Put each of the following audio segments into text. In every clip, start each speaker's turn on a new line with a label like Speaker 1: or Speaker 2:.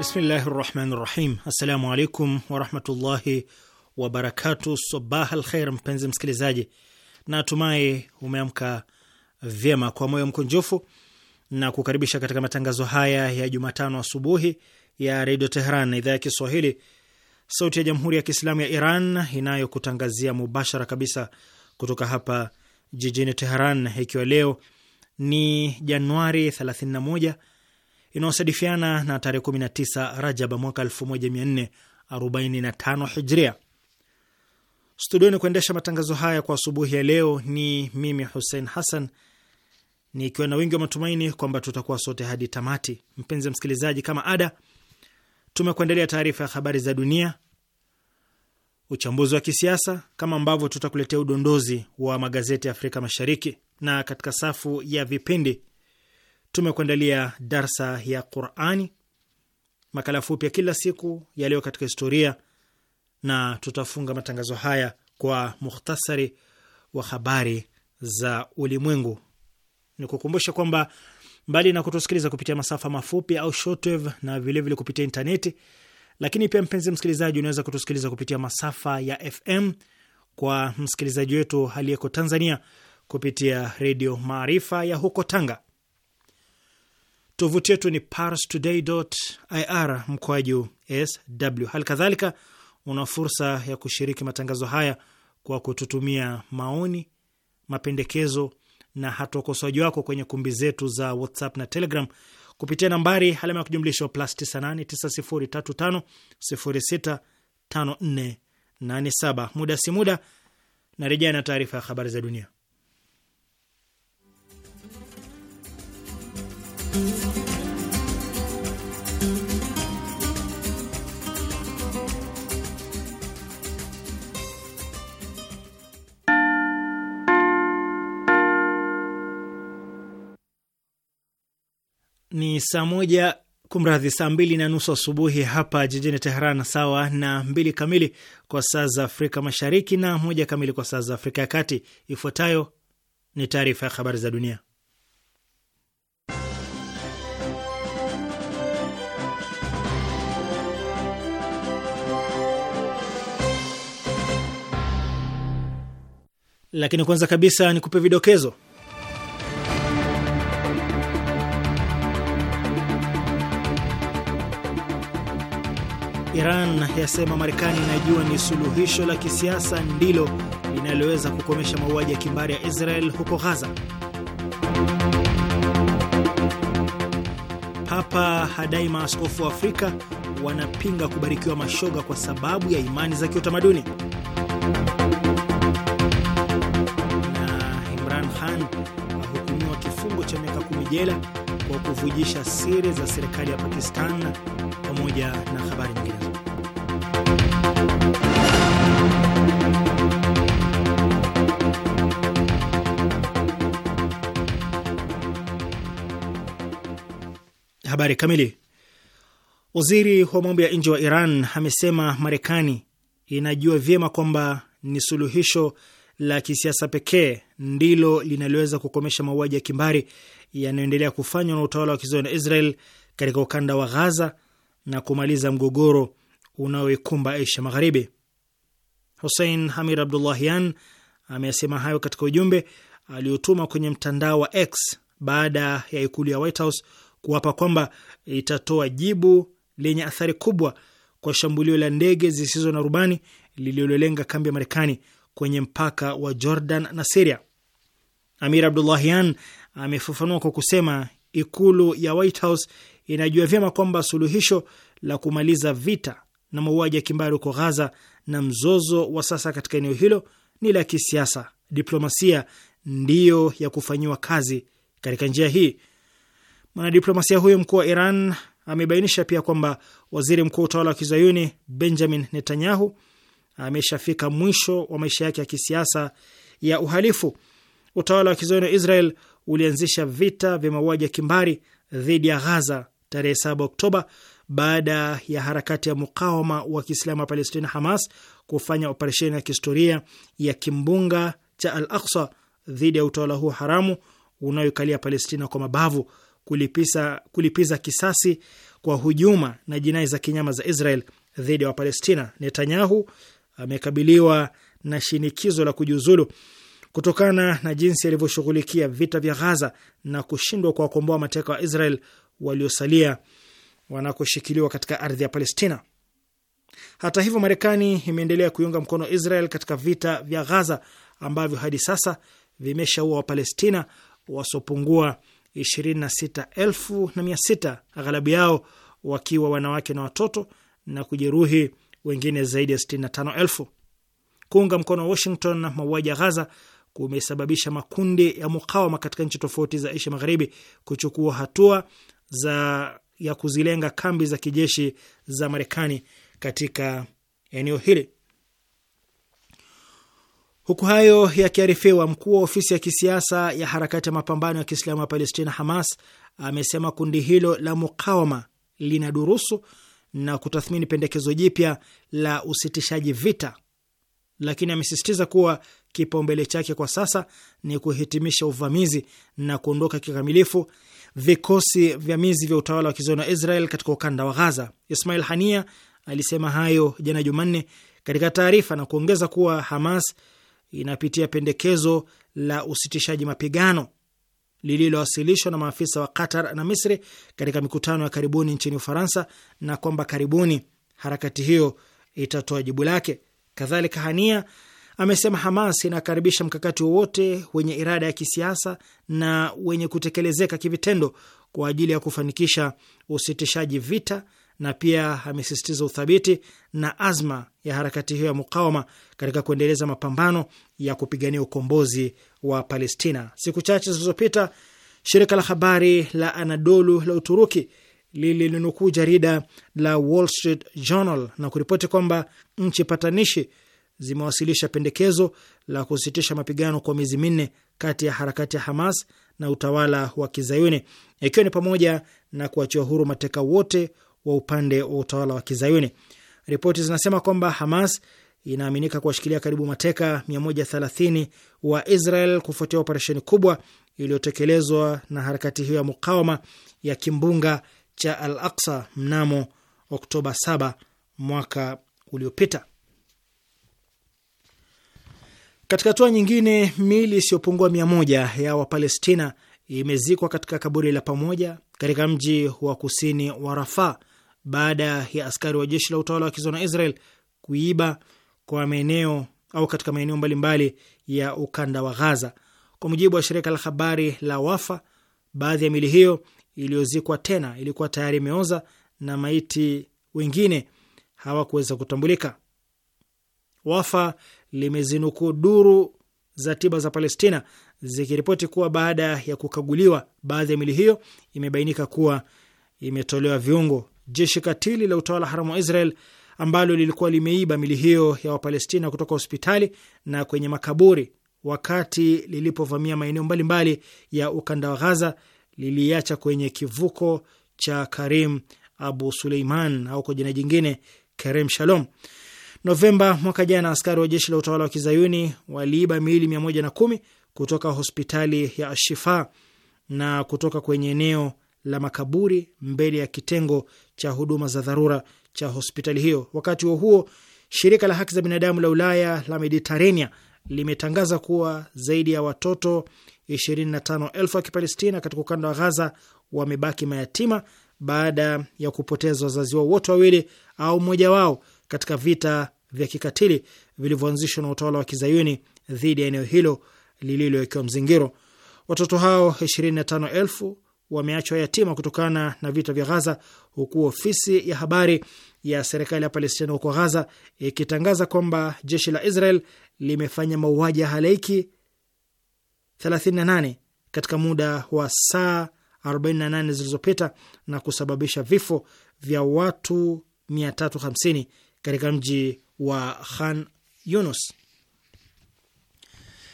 Speaker 1: Bismillahi rahmani rahim. Assalamu alaikum warahmatullahi wabarakatu. Sabah al kheir, mpenzi msikilizaji, natumai umeamka vyema kwa moyo mkunjufu na kukaribisha katika matangazo haya ya Jumatano asubuhi ya redio Tehran, idhaa ya Kiswahili, sauti ya jamhuri ya kiislamu ya Iran inayokutangazia mubashara kabisa kutoka hapa jijini teheran ikiwa leo ni Januari 31 inayosadifiana na tarehe 19 Rajab mwaka 1445 Hijria. Studioni kuendesha matangazo haya kwa asubuhi ya leo ni mimi Hussein Hassan, nikiwa na wingi wa matumaini kwamba tutakuwa sote hadi tamati. Mpenzi msikilizaji, kama ada, tumekuandalia taarifa ya habari za dunia, uchambuzi wa kisiasa, kama ambavyo tutakuletea udondozi wa magazeti ya Afrika Mashariki, na katika safu ya vipindi tumekuandalia darsa ya Qurani, makala fupi ya kila siku yaliyo katika historia, na tutafunga matangazo haya kwa mukhtasari wa habari za ulimwengu. Ni kukumbusha kwamba mbali na kutusikiliza kupitia masafa mafupi au shortwave na vilevile vile kupitia intaneti, lakini pia mpenzi msikilizaji, unaweza kutusikiliza kupitia masafa ya FM kwa msikilizaji wetu aliyeko Tanzania kupitia Redio Maarifa ya huko Tanga. Tovuti yetu ni parstoday.ir mkoaju sw. Hali kadhalika una fursa ya kushiriki matangazo haya kwa kututumia maoni, mapendekezo na hata ukosoaji wako kwenye kumbi zetu za WhatsApp na Telegram kupitia nambari alama ya kujumlisha plus 989035065487. Muda si muda narejea na taarifa ya habari za dunia. Ni saa moja kumradhi, saa mbili na nusu asubuhi hapa jijini Teheran, sawa na mbili kamili kwa saa za Afrika Mashariki na moja kamili kwa saa za Afrika ya Kati. Ifuatayo ni taarifa ya habari za dunia. lakini kwanza kabisa nikupe vidokezo Iran yasema Marekani inajua ni suluhisho la kisiasa ndilo linaloweza kukomesha mauaji ya kimbari ya Israel huko Ghaza. Papa hadai maaskofu wa Afrika wanapinga kubarikiwa mashoga kwa sababu ya imani za kiutamaduni. jela kwa kuvujisha siri za serikali ya Pakistan pamoja na habari nyingine. Habari kamili. Waziri wa mambo ya nje wa Iran amesema Marekani inajua vyema kwamba ni suluhisho la kisiasa pekee ndilo linaloweza kukomesha mauaji ya kimbari yanayoendelea kufanywa na utawala wa kizayuni na Israel katika ukanda wa Ghaza na kumaliza mgogoro unaoikumba Asia Magharibi. Hussein Hamir Abdullahian ameyasema hayo katika ujumbe aliotuma kwenye mtandao wa X baada ya ikulu ya White House kuapa kwamba itatoa jibu lenye athari kubwa kwa shambulio la ndege zisizo na rubani lililolenga kambi ya Marekani kwenye mpaka wa Jordan na Siria. Amir Abdullahian amefafanua kwa kusema ikulu ya White House inajua vyema kwamba suluhisho la kumaliza vita na mauaji ya kimbari huko Ghaza na mzozo wa sasa katika eneo hilo ni la kisiasa. Diplomasia ndiyo ya kufanyiwa kazi katika njia hii. Mwanadiplomasia huyo mkuu wa Iran amebainisha pia kwamba waziri mkuu wa utawala wa kizayuni Benjamin Netanyahu ameshafika mwisho wa maisha yake ya kisiasa ya uhalifu. Utawala wa kizayuni wa Israel ulianzisha vita vya mauaji ya kimbari dhidi ya Ghaza tarehe 7 Oktoba baada ya harakati ya mukawama wa kiislamu wa Palestina, Hamas, kufanya operesheni ya kihistoria ya kimbunga cha Al Aksa dhidi ya utawala huo haramu unaoikalia Palestina kwa mabavu, kulipiza, kulipiza kisasi kwa hujuma na jinai za kinyama za Israel dhidi ya Wapalestina. Netanyahu amekabiliwa na shinikizo la kujiuzulu kutokana na jinsi alivyoshughulikia vita vya Ghaza na kushindwa kuwakomboa mateka wa Israel waliosalia wanakoshikiliwa katika ardhi ya Palestina. Hata hivyo, Marekani imeendelea kuiunga mkono Israel katika vita vya Ghaza ambavyo hadi sasa vimeshaua Wapalestina wasiopungua 26,600 aghalabu yao wakiwa wanawake na watoto na kujeruhi wengine zaidi ya 65,000. Kuunga mkono Washington mauaji ya Ghaza kumesababisha makundi ya mukawama katika nchi tofauti za Asia Magharibi kuchukua hatua za ya kuzilenga kambi za kijeshi za Marekani katika eneo hili. Huku hayo yakiarifiwa, mkuu wa ofisi ya kisiasa ya harakati ya mapambano ya Kiislamu ya Palestina, Hamas, amesema kundi hilo la mukawama linadurusu na kutathmini pendekezo jipya la usitishaji vita, lakini amesisitiza kuwa kipaumbele chake kwa sasa ni kuhitimisha uvamizi na kuondoka kikamilifu vikosi vya mizi vya utawala wa kizoni wa Israel katika ukanda wa Ghaza. Ismail Hania alisema hayo jana Jumanne katika taarifa na kuongeza kuwa Hamas inapitia pendekezo la usitishaji mapigano lililowasilishwa na maafisa wa Qatar na Misri katika mikutano ya karibuni nchini Ufaransa na kwamba karibuni harakati hiyo itatoa jibu lake. Kadhalika, Hania amesema Hamas inakaribisha mkakati wowote wenye irada ya kisiasa na wenye kutekelezeka kivitendo kwa ajili ya kufanikisha usitishaji vita na pia amesisitiza uthabiti na azma ya harakati hiyo ya mukawama katika kuendeleza mapambano ya kupigania ukombozi wa Palestina. Siku chache zilizopita, shirika la habari la Anadolu la Uturuki lilinukuu jarida la Wall Street Journal na kuripoti kwamba nchi patanishi zimewasilisha pendekezo la kusitisha mapigano kwa miezi minne kati ya harakati ya Hamas na utawala wa Kizayuni, ikiwa ni pamoja na kuachia huru mateka wote wa upande wa utawala wa Kizayuni. Ripoti zinasema kwamba Hamas inaaminika kuwashikilia karibu mateka 130 wa Israel kufuatia operesheni kubwa iliyotekelezwa na harakati hiyo ya mukawama ya kimbunga cha Al Aksa mnamo Oktoba 7 mwaka uliopita. Katika hatua nyingine, miili isiyopungua mia moja ya Wapalestina imezikwa katika kaburi la pamoja katika mji wa kusini wa Rafaa baada ya askari wa jeshi la utawala wa kizona Israel kuiba kwa maeneo au katika maeneo mbalimbali ya ukanda wa Ghaza. Kwa mujibu wa shirika la habari la Wafa, baadhi ya mili hiyo iliyozikwa tena ilikuwa tayari imeoza na maiti wengine hawakuweza kutambulika. Wafa limezinukuu duru za tiba za Palestina zikiripoti kuwa baada ya kukaguliwa, baadhi ya mili hiyo imebainika kuwa imetolewa viungo jeshi katili la utawala haramu wa Israel ambalo lilikuwa limeiba mili hiyo ya Wapalestina kutoka hospitali na kwenye makaburi wakati lilipovamia maeneo mbalimbali ya ukanda wa Ghaza liliacha kwenye kivuko cha Karim Abu Suleiman au kwa jina jingine Kerem Shalom. Novemba mwaka jana, askari wa jeshi la utawala wa kizayuni waliiba miili mia moja na kumi kutoka hospitali ya Ashifa na kutoka kwenye eneo la makaburi mbele ya kitengo cha huduma za dharura cha hospitali hiyo. Wakati huo huo, shirika la haki za binadamu la Ulaya la Mediterania limetangaza kuwa zaidi ya watoto 25,000 wa Kipalestina katika ukanda wa Ghaza wamebaki mayatima baada ya kupoteza wazazi wao wote wawili au mmoja wao katika vita vya kikatili vilivyoanzishwa na utawala wa kizayuni dhidi ya eneo hilo lililowekewa mzingiro. Watoto hao 25,000 wameachwa yatima kutokana na vita vya Ghaza, huku ofisi ya habari ya serikali ya Palestina huko Ghaza ikitangaza kwamba jeshi la Israel limefanya mauaji ya halaiki 38 katika muda wa saa 48 zilizopita na kusababisha vifo vya watu 350 katika mji wa Khan Yunus.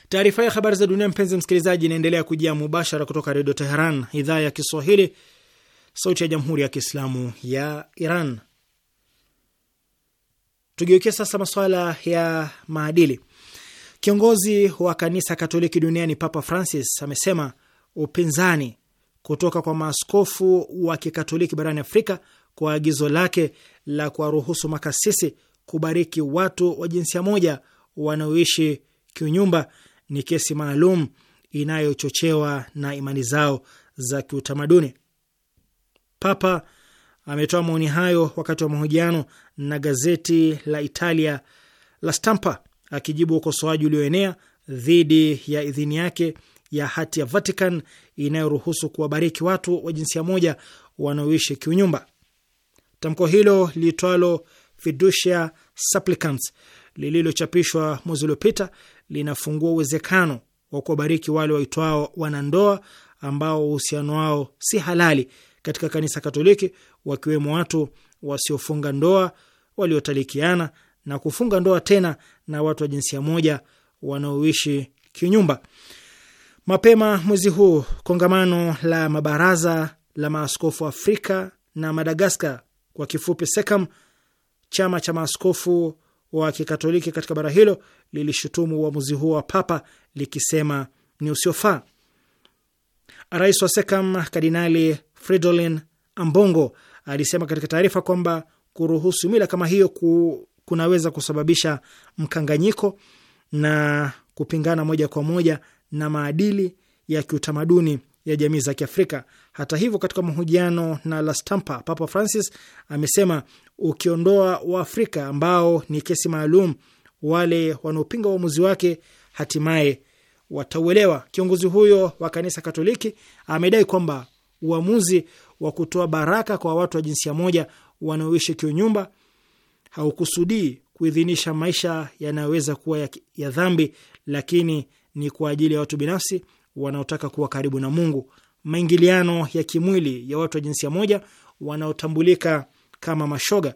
Speaker 1: Taarifa ya habari za dunia, mpenzi msikilizaji, inaendelea kujia mubashara kutoka Redio Teheran, idhaa ya Kiswahili, sauti ya jamhuri ya kiislamu ya Iran. Tugeukia sasa masuala ya maadili. Kiongozi wa kanisa Katoliki duniani Papa Francis amesema upinzani kutoka kwa maaskofu wa Kikatoliki barani Afrika kwa agizo lake la kuwaruhusu makasisi kubariki watu wa jinsia moja wanaoishi kiunyumba ni kesi maalum inayochochewa na imani zao za kiutamaduni. Papa ametoa maoni hayo wakati wa mahojiano na gazeti la Italia la Stampa akijibu ukosoaji ulioenea dhidi ya idhini yake ya hati ya Vatican inayoruhusu kuwabariki watu wa jinsia moja wanaoishi kiunyumba. Tamko hilo liitwalo Fiducia Supplicans lililochapishwa mwezi uliopita linafungua uwezekano wa kuwabariki wale waitwao wanandoa ambao uhusiano wao si halali katika kanisa Katoliki, wakiwemo watu wasiofunga ndoa waliotalikiana na kufunga ndoa tena na watu wa jinsia moja wanaoishi kinyumba. Mapema mwezi huu kongamano la mabaraza la maaskofu Afrika na Madagaskar, kwa kifupi SECAM, chama cha maaskofu wa Kikatoliki katika bara hilo lilishutumu uamuzi huo wa Papa likisema ni usiofaa. Rais wa SEKAM Kardinali Fridolin Ambongo alisema katika taarifa kwamba kuruhusu mila kama hiyo ku, kunaweza kusababisha mkanganyiko na kupingana moja kwa moja na maadili ya kiutamaduni ya jamii za Kiafrika. Hata hivyo, katika mahojiano na La Stampa, Papa Francis amesema ukiondoa Waafrika ambao ni kesi maalum, wale wanaopinga uamuzi wake hatimaye watauelewa. Kiongozi huyo wa kanisa Katoliki amedai kwamba uamuzi wa kutoa baraka kwa watu wa jinsia moja wanaoishi kiunyumba haukusudii kuidhinisha maisha yanayoweza kuwa ya, ya dhambi, lakini ni kwa ajili ya watu binafsi wanaotaka kuwa karibu na Mungu. Maingiliano ya kimwili ya watu wa jinsia moja wanaotambulika kama mashoga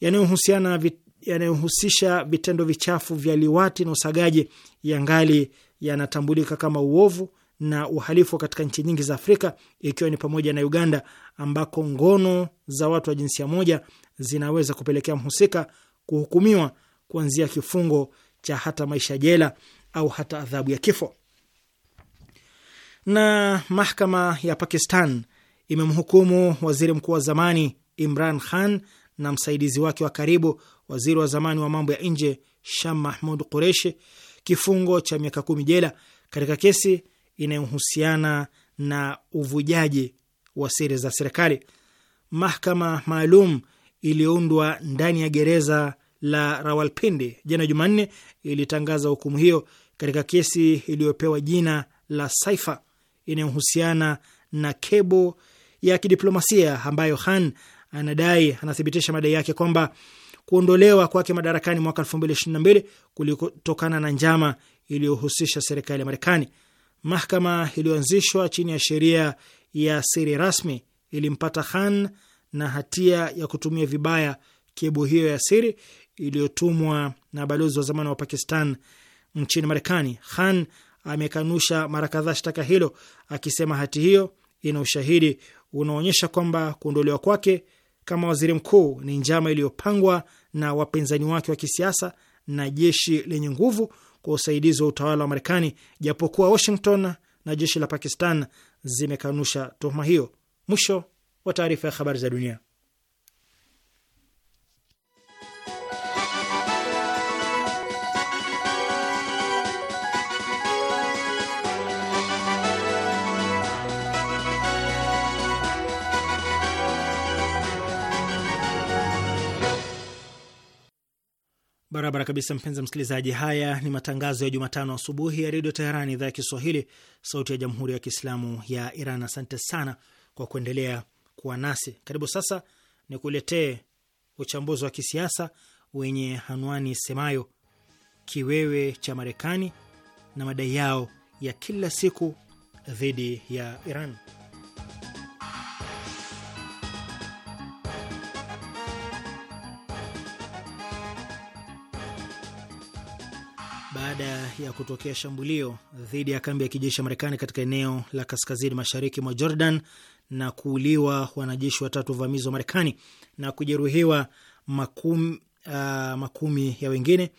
Speaker 1: yanayohusiana yanayohusisha vitendo vichafu vya liwati na usagaji ya ngali yanatambulika kama uovu na uhalifu katika nchi nyingi za Afrika ikiwa ni pamoja na Uganda ambako ngono za watu wa jinsia moja zinaweza kupelekea mhusika kuhukumiwa kuanzia kifungo cha hata maisha jela au hata adhabu ya kifo. Na mahakama ya Pakistan imemhukumu waziri mkuu wa zamani Imran Khan na msaidizi wake wa karibu waziri wa zamani wa mambo ya nje Sham Mahmud Qureshi kifungo cha miaka kumi jela katika kesi inayohusiana na uvujaji wa siri za serikali. Mahakama maalum iliyoundwa ndani ya gereza la Rawalpindi jana Jumanne ilitangaza hukumu hiyo katika kesi iliyopewa jina la Saifa inayohusiana na kebo ya kidiplomasia ambayo Khan anadai anathibitisha madai yake kwamba kuondolewa kwake madarakani mwaka 2022 kulitokana na njama iliyohusisha serikali ya Marekani. Mahakama iliyoanzishwa chini ya sheria ya siri rasmi ilimpata Khan na hatia ya kutumia vibaya kebu hiyo ya siri iliyotumwa na balozi wa zamani wa Pakistan nchini Marekani. Khan amekanusha mara kadhaa shtaka hilo akisema hati hiyo ina ushahidi unaonyesha kwamba kuondolewa kwake kama waziri mkuu ni njama iliyopangwa na wapinzani wake wa kisiasa na jeshi lenye nguvu kwa usaidizi wa utawala wa Marekani, japokuwa Washington na jeshi la Pakistan zimekanusha tuhuma hiyo. Mwisho wa taarifa ya habari za dunia. Barabara kabisa, mpenzi msikilizaji. Haya ni matangazo ya Jumatano asubuhi ya redio Teheran, idhaa ya Kiswahili, sauti ya jamhuri ya kiislamu ya Iran. Asante sana kwa kuendelea kuwa nasi. Karibu sasa ni kuletee uchambuzi wa kisiasa wenye anwani semayo kiwewe cha Marekani na madai yao ya kila siku dhidi ya Iran. baada ya kutokea shambulio dhidi ya kambi ya kijeshi ya Marekani katika eneo la kaskazini mashariki mwa Jordan na kuuliwa wanajeshi watatu uvamizi wa Marekani na kujeruhiwa makumi, uh, makumi ya wengine,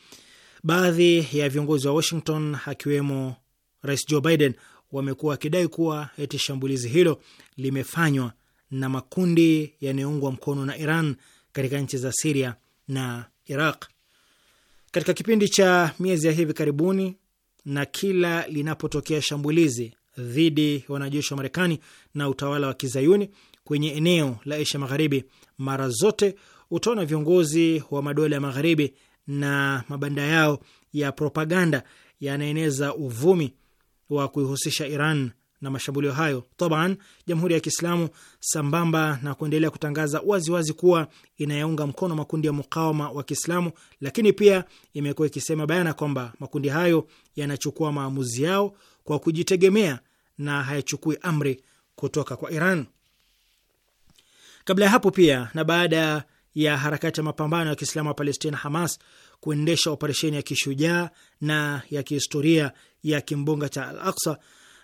Speaker 1: baadhi ya viongozi wa Washington akiwemo Rais Joe Biden wamekuwa wakidai kuwa eti shambulizi hilo limefanywa na makundi yanayoungwa mkono na Iran katika nchi za Siria na Iraq. Katika kipindi cha miezi ya hivi karibuni na kila linapotokea shambulizi dhidi ya wanajeshi wa Marekani na utawala wa kizayuni kwenye eneo la Asia Magharibi, mara zote utaona viongozi wa madola ya magharibi na mabanda yao ya propaganda yanaeneza uvumi wa kuihusisha Iran na mashambulio hayo. Taban, Jamhuri ya Kiislamu sambamba na kuendelea kutangaza waziwazi wazi kuwa inayaunga mkono makundi ya mukawama wa Kiislamu, lakini pia imekuwa ikisema bayana kwamba makundi hayo yanachukua maamuzi yao kwa kujitegemea na hayachukui amri kutoka kwa Iran. Kabla ya hapo pia na baada ya harakati ya mapambano ya Kiislamu ya Palestina Hamas kuendesha operesheni ya kishujaa na ya kihistoria ya kimbunga cha Al Aksa,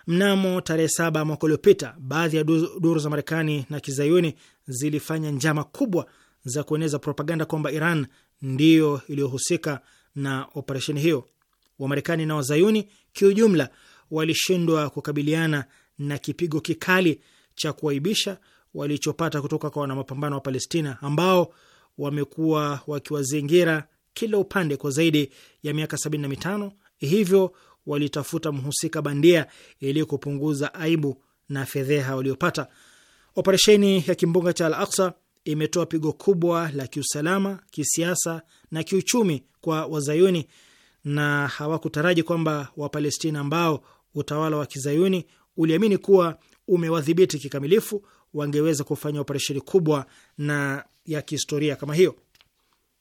Speaker 1: Mnamo tarehe saba mwaka uliopita, baadhi ya duru za Marekani na kizayuni zilifanya njama kubwa za kueneza propaganda kwamba Iran ndiyo iliyohusika na operesheni hiyo. Wamarekani na wazayuni kiujumla walishindwa kukabiliana na kipigo kikali cha kuaibisha walichopata kutoka kwa wanamapambano wa Palestina ambao wamekuwa wakiwazingira kila upande kwa zaidi ya miaka sabini na mitano hivyo walitafuta mhusika bandia ili kupunguza aibu na fedheha waliopata. Operesheni ya kimbunga cha Al Aksa imetoa pigo kubwa la kiusalama, kisiasa na kiuchumi kwa Wazayuni, na hawakutaraji kwamba Wapalestina ambao utawala wa kizayuni uliamini kuwa umewadhibiti kikamilifu wangeweza kufanya operesheni kubwa na ya kihistoria kama hiyo.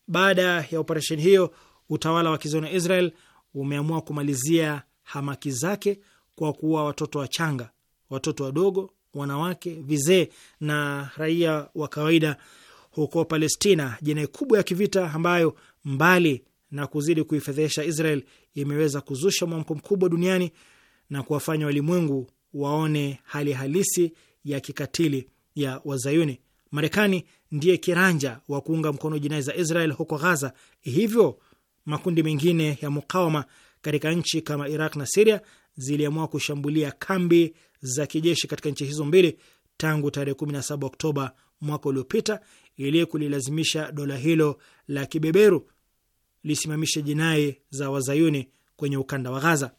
Speaker 1: Baada ya operesheni hiyo, utawala wa kizayuni Israel umeamua kumalizia hamaki zake kwa kuua watoto wachanga, watoto wadogo, wanawake, vizee na raia wa kawaida huko Palestina, jinai kubwa ya kivita ambayo mbali na kuzidi kuifedhesha Israel imeweza kuzusha mwamko mkubwa duniani na kuwafanya walimwengu waone hali halisi ya kikatili ya Wazayuni. Marekani ndiye kiranja wa kuunga mkono jinai za Israel huko Ghaza, hivyo makundi mengine ya mukawama katika nchi kama Iraq na Siria ziliamua kushambulia kambi za kijeshi katika nchi hizo mbili tangu tarehe 17 Oktoba mwaka uliopita ili kulilazimisha dola hilo la kibeberu lisimamishe jinai za wazayuni kwenye ukanda wa Gaza.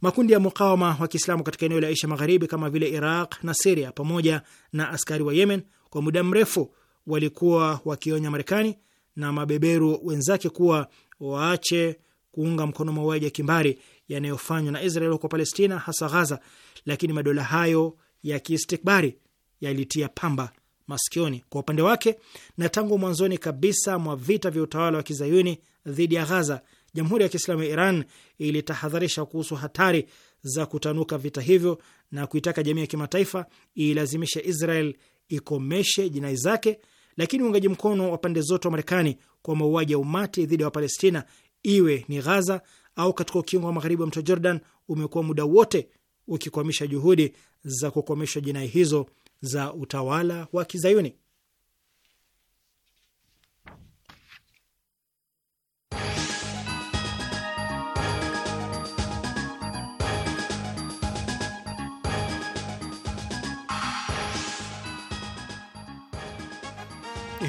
Speaker 1: Makundi ya mukawama wa Kiislamu katika eneo la Asia Magharibi kama vile Iraq na Siria pamoja na askari wa Yemen kwa muda mrefu walikuwa wakionya Marekani na mabeberu wenzake kuwa waache kuunga mkono mauaji ya kimbari yanayofanywa na Israel huko Palestina, hasa Ghaza, lakini madola hayo ya kiistikbari yalitia pamba masikioni kwa upande wake. Na tangu mwanzoni kabisa mwa vita vya utawala wa kizayuni dhidi ya Ghaza, Jamhuri ya Kiislamu ya Iran ilitahadharisha kuhusu hatari za kutanuka vita hivyo na kuitaka jamii ya kimataifa ilazimishe Israel ikomeshe jinai zake, lakini uungaji mkono wa pande zote wa Marekani kwa mauaji ya umati dhidi ya Wapalestina, iwe ni Ghaza au katika ukingo wa magharibi wa mto Jordan, umekuwa muda wote ukikwamisha juhudi za kukomesha jinai hizo za utawala wa Kizayuni.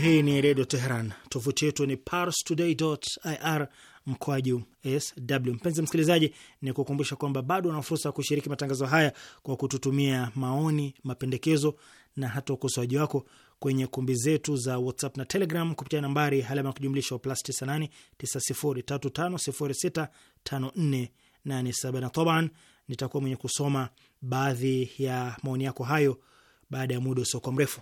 Speaker 1: Hii ni Redio Teheran. Tovuti yetu ni parstoday.ir mkoaju sw. Mpenzi msikilizaji, ni kukumbusha kwamba bado una fursa ya kushiriki matangazo haya kwa kututumia maoni, mapendekezo na hata ukosoaji wako kwenye kumbi zetu za WhatsApp na Telegram kupitia nambari alama ya kujumlisha wa plus 989035065487 na nitakuwa mwenye kusoma baadhi ya maoni yako hayo baada ya muda usiokuwa mrefu.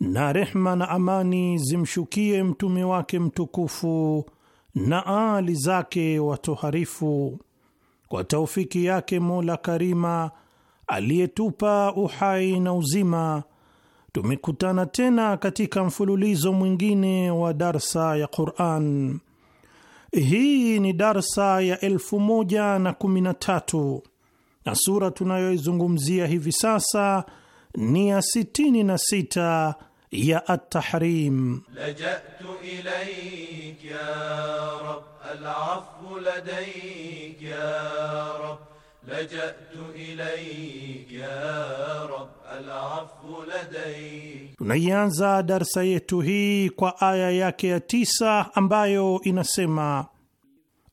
Speaker 2: na rehma na amani zimshukie mtume wake mtukufu na aali zake watoharifu. Kwa taufiki yake Mola Karima aliyetupa uhai na uzima, tumekutana tena katika mfululizo mwingine wa darsa ya Quran. Hii ni darsa ya elfu moja na kumi na tatu na sura tunayoizungumzia hivi sasa ni ya 66 ya At-Tahrim.
Speaker 3: Laja'tu ilayk ya Rabb al-'afw ladayk ya Rabb Laja'tu ilayk ya Rabb al-'afw
Speaker 2: ladayk. Tunaianza darsa yetu hii kwa aya yake ya tisa ambayo inasema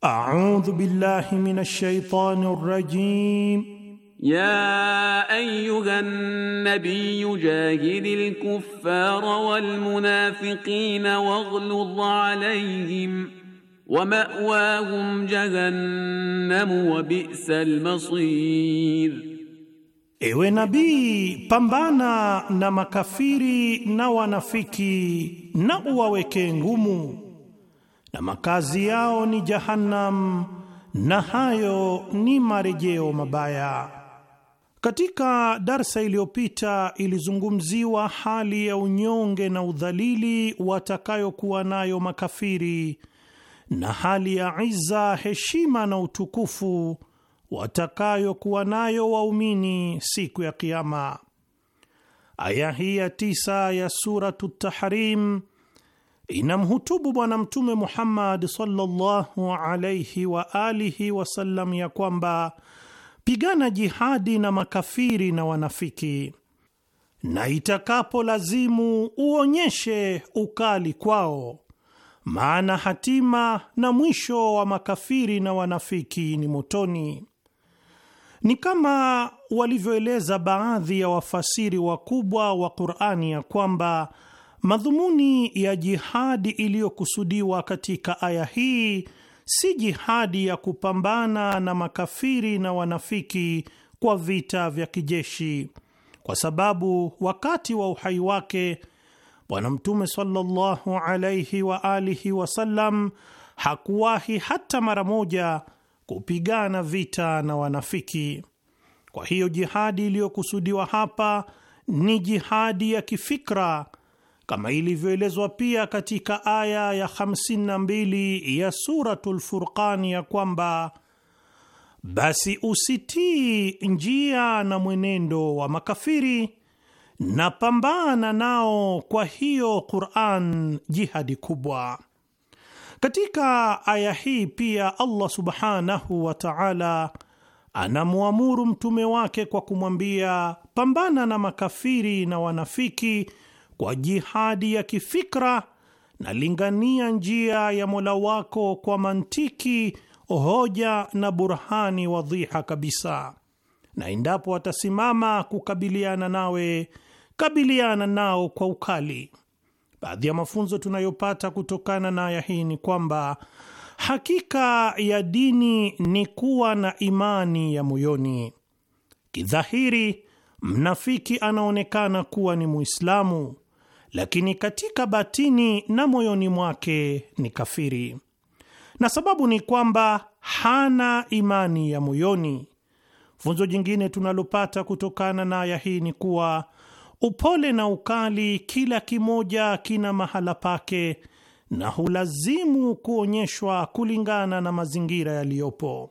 Speaker 2: A'udhu billahi minash shaitani rrajim يا
Speaker 4: ايها النبي جاهد الكفار والمنافقين واغلظ عليهم وماواهم جهنم وبئس المصير
Speaker 2: Ewe nabii, pambana na makafiri na wanafiki na uwaweke ngumu, na makazi yao ni Jahannam, na hayo ni marejeo mabaya. Katika darsa iliyopita ilizungumziwa hali ya unyonge na udhalili watakayokuwa nayo makafiri na hali ya iza, heshima na utukufu watakayokuwa nayo waumini siku ya Kiama. Aya hii ya tisa ya Suratu Tahrim inamhutubu Bwana Mtume Muhammad sallallahu alaihi wa alihi wasallam ya kwamba pigana jihadi na makafiri na wanafiki, na itakapo lazimu uonyeshe ukali kwao, maana hatima na mwisho wa makafiri na wanafiki ni motoni. Ni kama walivyoeleza baadhi ya wafasiri wakubwa wa Qur'ani ya kwamba madhumuni ya jihadi iliyokusudiwa katika aya hii si jihadi ya kupambana na makafiri na wanafiki kwa vita vya kijeshi, kwa sababu wakati wa uhai wake Bwana Mtume sallallahu alaihi wa alihi wasallam hakuwahi hata mara moja kupigana vita na wanafiki. Kwa hiyo jihadi iliyokusudiwa hapa ni jihadi ya kifikra kama ilivyoelezwa pia katika aya ya 52 ya Suratul Furqani ya kwamba basi usitii njia na mwenendo wa makafiri na pambana nao. Kwa hiyo Qur'an jihadi kubwa. Katika aya hii pia Allah subhanahu wa ta'ala anamwamuru mtume wake kwa kumwambia, pambana na makafiri na wanafiki kwa jihadi ya kifikra na lingania njia ya Mola wako kwa mantiki, hoja na burhani wadhiha kabisa. Na endapo watasimama kukabiliana nawe, kabiliana nao kwa ukali. Baadhi ya mafunzo tunayopata kutokana na aya hii ni kwamba hakika ya dini ni kuwa na imani ya moyoni. Kidhahiri, mnafiki anaonekana kuwa ni Muislamu, lakini katika batini na moyoni mwake ni kafiri, na sababu ni kwamba hana imani ya moyoni. Funzo jingine tunalopata kutokana na aya hii ni kuwa upole na ukali, kila kimoja kina mahala pake na hulazimu kuonyeshwa kulingana na mazingira yaliyopo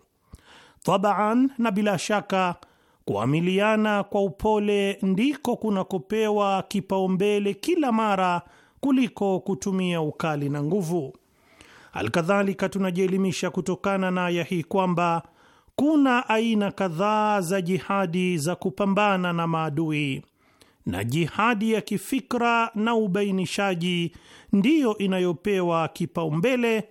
Speaker 2: tabaan, na bila shaka kuamiliana kwa upole ndiko kunakopewa kipaumbele kila mara kuliko kutumia ukali na nguvu. Alkadhalika, tunajielimisha kutokana na aya hii kwamba kuna aina kadhaa za jihadi za kupambana na maadui, na jihadi ya kifikra na ubainishaji ndiyo inayopewa kipaumbele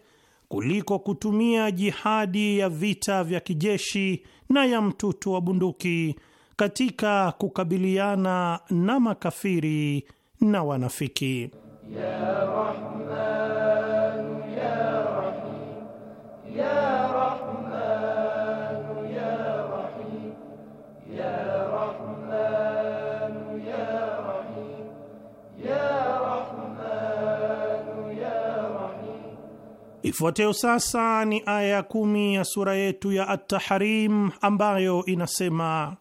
Speaker 2: kuliko kutumia jihadi ya vita vya kijeshi na ya mtutu wa bunduki katika kukabiliana na makafiri na wanafiki ya Rahman Ifuatayo sasa ni aya ya kumi ya sura yetu ya At-Tahrim ambayo inasema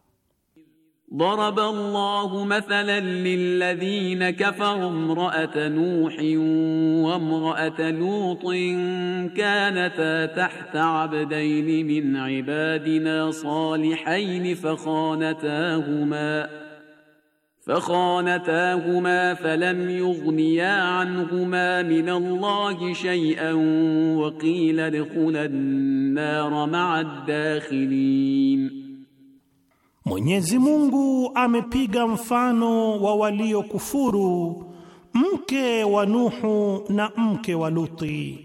Speaker 4: ضرب الله مثلا للذين كفروا امرأة نوح وامرأة لوط كانتا تحت عبدين من عبادنا صالحين فخانتاهما فخانتاهما فلم يغنيا عنهما من الله شيئا وقيل ادخلا النار مع الداخلين
Speaker 2: Mwenyezi Mungu amepiga mfano wa waliokufuru mke wa Nuhu na mke wa Luti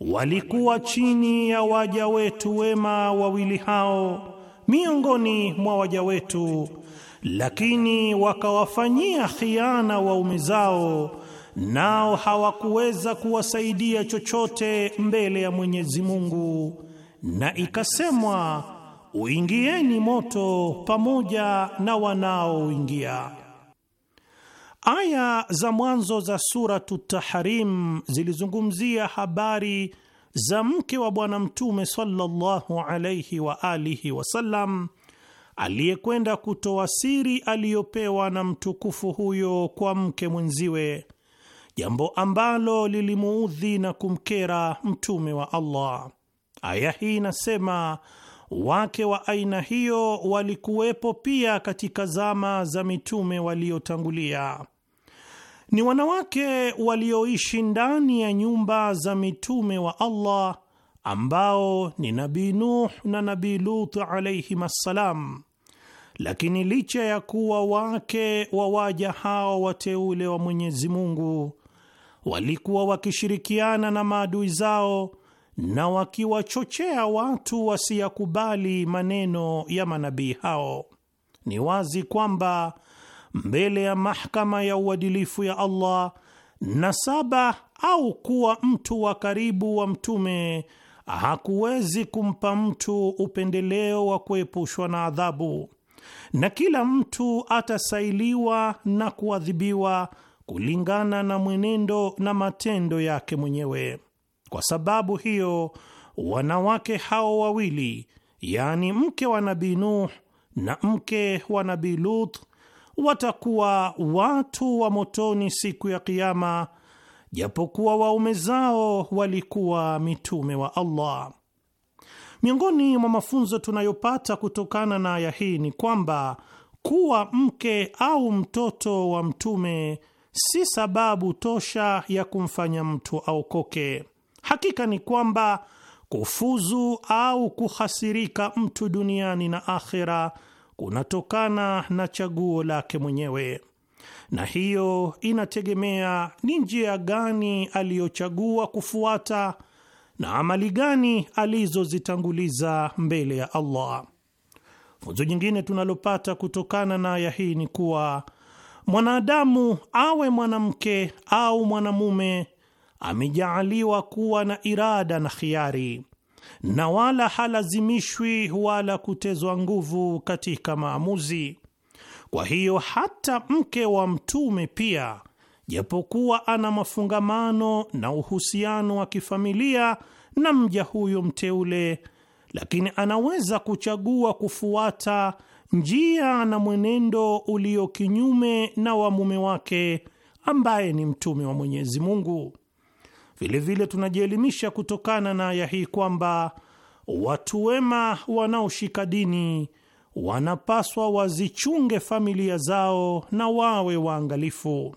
Speaker 2: walikuwa chini ya waja wetu wema wawili hao miongoni mwa waja wetu lakini wakawafanyia khiana waume zao, nao hawakuweza kuwasaidia chochote mbele ya Mwenyezi Mungu, na ikasemwa uingieni moto pamoja na wanaoingia. Aya za mwanzo za Suratu tahrim zilizungumzia habari za mke wa Bwana Mtume sallallahu alayhi wa alihi wasallam aliyekwenda kutoa siri aliyopewa na mtukufu huyo kwa mke mwenziwe, jambo ambalo lilimuudhi na kumkera Mtume wa Allah. Aya hii inasema wake wa aina hiyo walikuwepo pia katika zama za mitume waliotangulia. Ni wanawake walioishi ndani ya nyumba za mitume wa Allah ambao ni Nabii Nuh na Nabii Lut alayhim assalam. Lakini licha ya kuwa wake wa waja hao wateule wa Mwenyezi Mungu walikuwa wakishirikiana na maadui zao na wakiwachochea watu wasiyakubali maneno ya manabii hao, ni wazi kwamba mbele ya mahakama ya uadilifu ya Allah nasaba au kuwa mtu wa karibu wa mtume hakuwezi kumpa mtu upendeleo wa kuepushwa na adhabu, na kila mtu atasailiwa na kuadhibiwa kulingana na mwenendo na matendo yake mwenyewe. Kwa sababu hiyo, wanawake hao wawili, yaani mke wa Nabii Nuh na mke wa Nabii Lut, watakuwa watu wa motoni siku ya Kiama japokuwa waume zao walikuwa mitume wa Allah. Miongoni mwa mafunzo tunayopata kutokana na aya hii ni kwamba kuwa mke au mtoto wa mtume si sababu tosha ya kumfanya mtu aokoke. Hakika ni kwamba kufuzu au kuhasirika mtu duniani na akhera kunatokana na chaguo lake mwenyewe na hiyo inategemea ni njia gani aliyochagua kufuata na amali gani alizozitanguliza mbele ya Allah. Funzo jingine tunalopata kutokana na aya hii ni kuwa mwanadamu awe mwanamke au mwanamume amejaaliwa kuwa na irada na khiari na wala halazimishwi wala kutezwa nguvu katika maamuzi. Kwa hiyo hata mke wa mtume pia, japokuwa ana mafungamano na uhusiano wa kifamilia na mja huyo mteule, lakini anaweza kuchagua kufuata njia na mwenendo ulio kinyume na wa mume wake ambaye ni mtume wa Mwenyezi Mungu. Vilevile tunajielimisha kutokana na aya hii kwamba watu wema wanaoshika dini wanapaswa wazichunge familia zao na wawe waangalifu,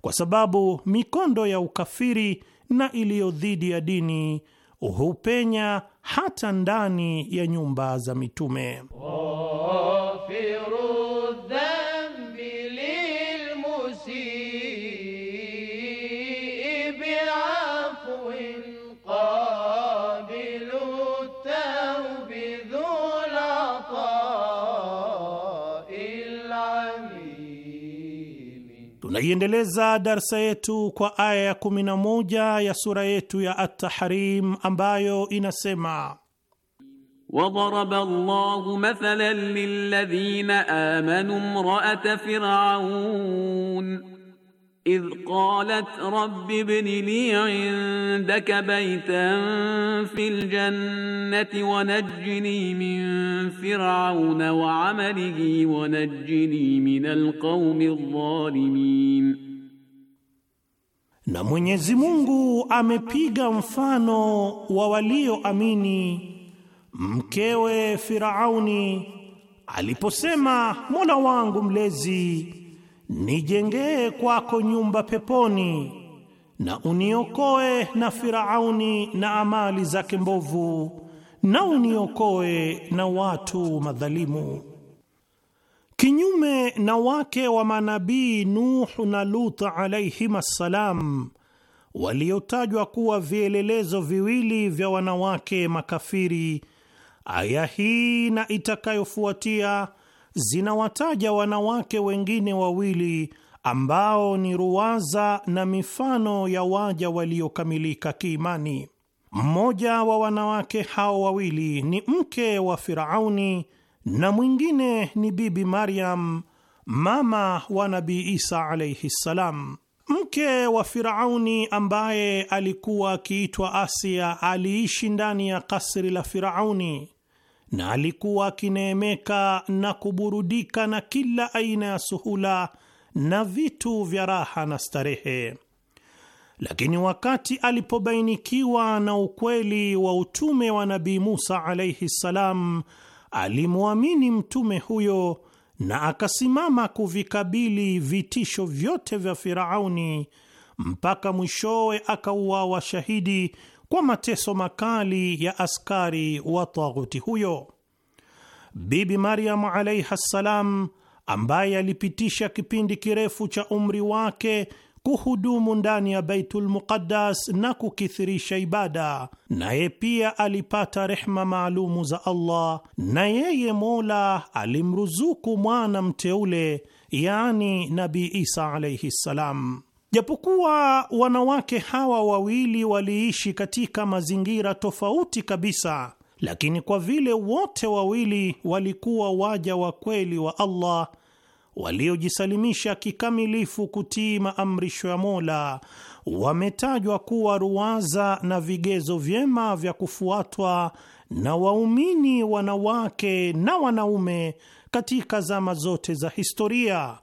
Speaker 2: kwa sababu mikondo ya ukafiri na iliyo dhidi ya dini hupenya hata ndani ya nyumba za mitume
Speaker 3: oh,
Speaker 2: Tunaiendeleza darsa yetu kwa aya ya kumi na moja ya sura yetu ya atahrim ambayo inasema
Speaker 4: Wadaraba Allahu mathalan lilladhina amanu imra'ata fir'aun إذ قالت رب ابن لي عندك بيتا في الجنة ونجني من فرعون وعمله ونجني من القوم الظالمين.
Speaker 2: Na Mwenyezi Mungu amepiga mfano wa walioamini mkewe Firauni aliposema, Mola wangu mlezi nijengee kwako nyumba peponi na uniokoe na Firauni na amali zake mbovu na uniokoe na watu madhalimu. Kinyume na wake wa manabii Nuhu na Lut alayhim assalam, waliotajwa kuwa vielelezo viwili vya wanawake makafiri, aya hii na itakayofuatia zinawataja wanawake wengine wawili ambao ni ruwaza na mifano ya waja waliokamilika kiimani. Mmoja wa wanawake hao wawili ni mke wa Firauni na mwingine ni Bibi Maryam, mama wa Nabii Isa alaihi ssalam. Mke wa Firauni ambaye alikuwa akiitwa Asia aliishi ndani ya kasri la Firauni na alikuwa akineemeka na kuburudika na kila aina ya suhula na vitu vya raha na starehe. Lakini wakati alipobainikiwa na ukweli wa utume wa Nabii Musa alaihi ssalam, alimwamini mtume huyo na akasimama kuvikabili vitisho vyote vya Firauni mpaka mwishowe akauawa shahidi kwa mateso makali ya askari wa taghuti huyo. Bibi Maryam alaiha ssalam, ambaye alipitisha kipindi kirefu cha umri wake kuhudumu ndani ya Baitul Muqaddas na kukithirisha ibada, naye pia alipata rehma maalumu za Allah, na yeye Mola alimruzuku mwana mteule, yani Nabi Isa alaihi ssalam. Japokuwa wanawake hawa wawili waliishi katika mazingira tofauti kabisa, lakini kwa vile wote wawili walikuwa waja wa kweli wa Allah waliojisalimisha kikamilifu kutii maamrisho ya Mola, wametajwa kuwa ruwaza na vigezo vyema vya kufuatwa na waumini wanawake na wanaume katika zama zote za historia